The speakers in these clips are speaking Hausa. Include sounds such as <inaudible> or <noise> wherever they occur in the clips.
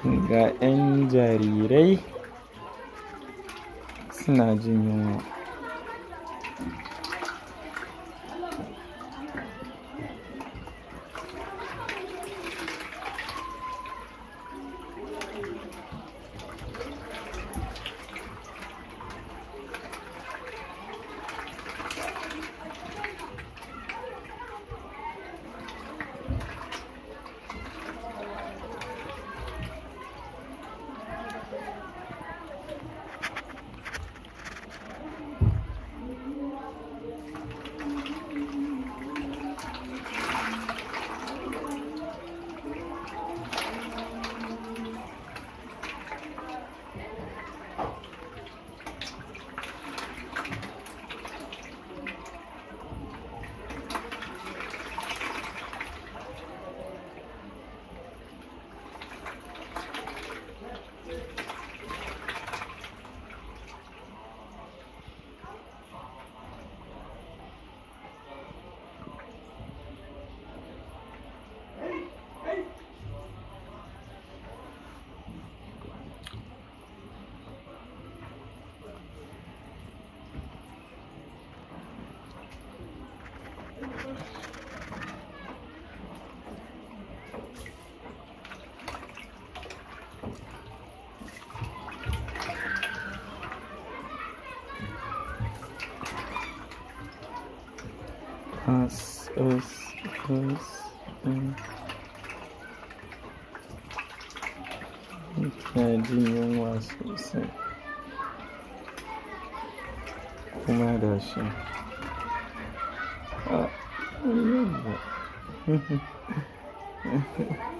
ga 'yan jarirai suna jin yunwa us, us, us, jin yunwa sosai kuma da shi 嗯，哼嗯哼。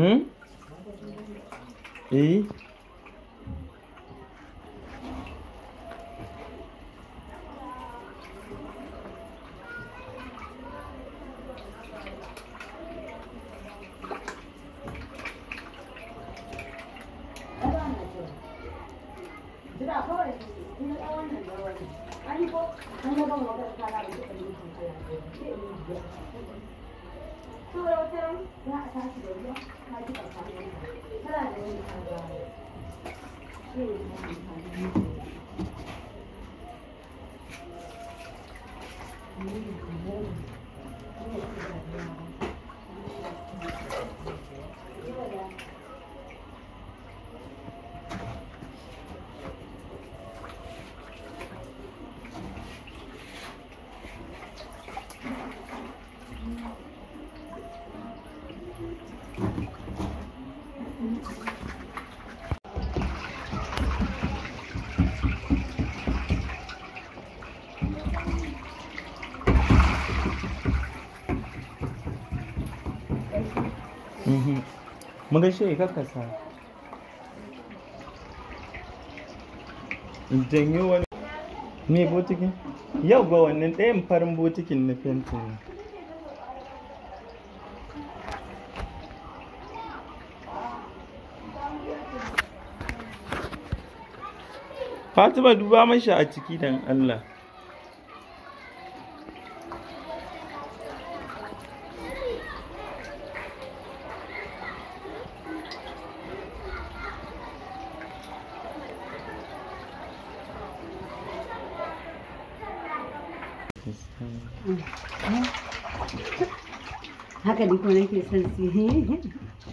嗯，咦。周六天，那三十多斤，还几百三十斤，现在六十多斤。mun mm-hmm. gaishe ka kasa janyo wani me botikin yau ga wannan ɗayan farin botikin na fenti ne fatima duba mashi a ciki don allah <laughs> haka ni ko ke son su yi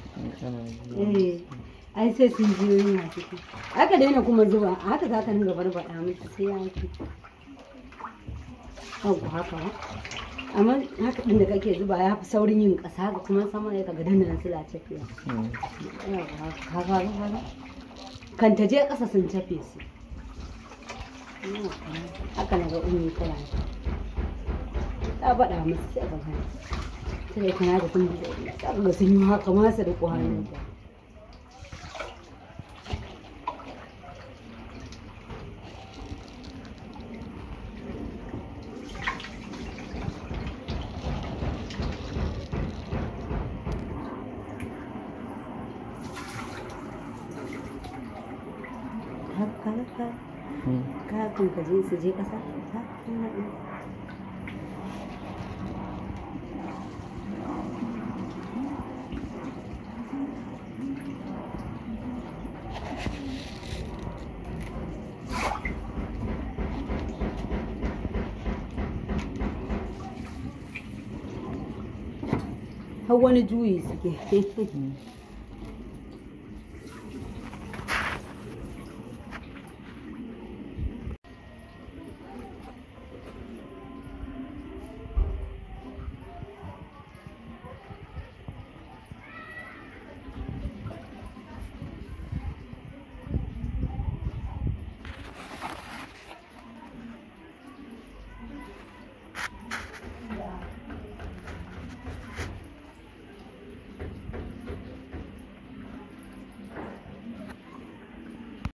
<laughs> eh, ai sai sun ji yoyin a ciki aka daina kuma zuba haka za ka dinga barbaɗa musu sai ya fi abu haka ba amma haka ɗin da kake zuba ya fi saurin yin ƙasa haka kuma sama ya kaga dandanan sila tafiya kan ta je ƙasa sun tafe su haka na ga umi kala ta faɗa musu sai ban hana sai kana da kun da ga sun yi haka ma su da ku hannu haka haka không kun ka je su je ƙasa I want to do is. <laughs>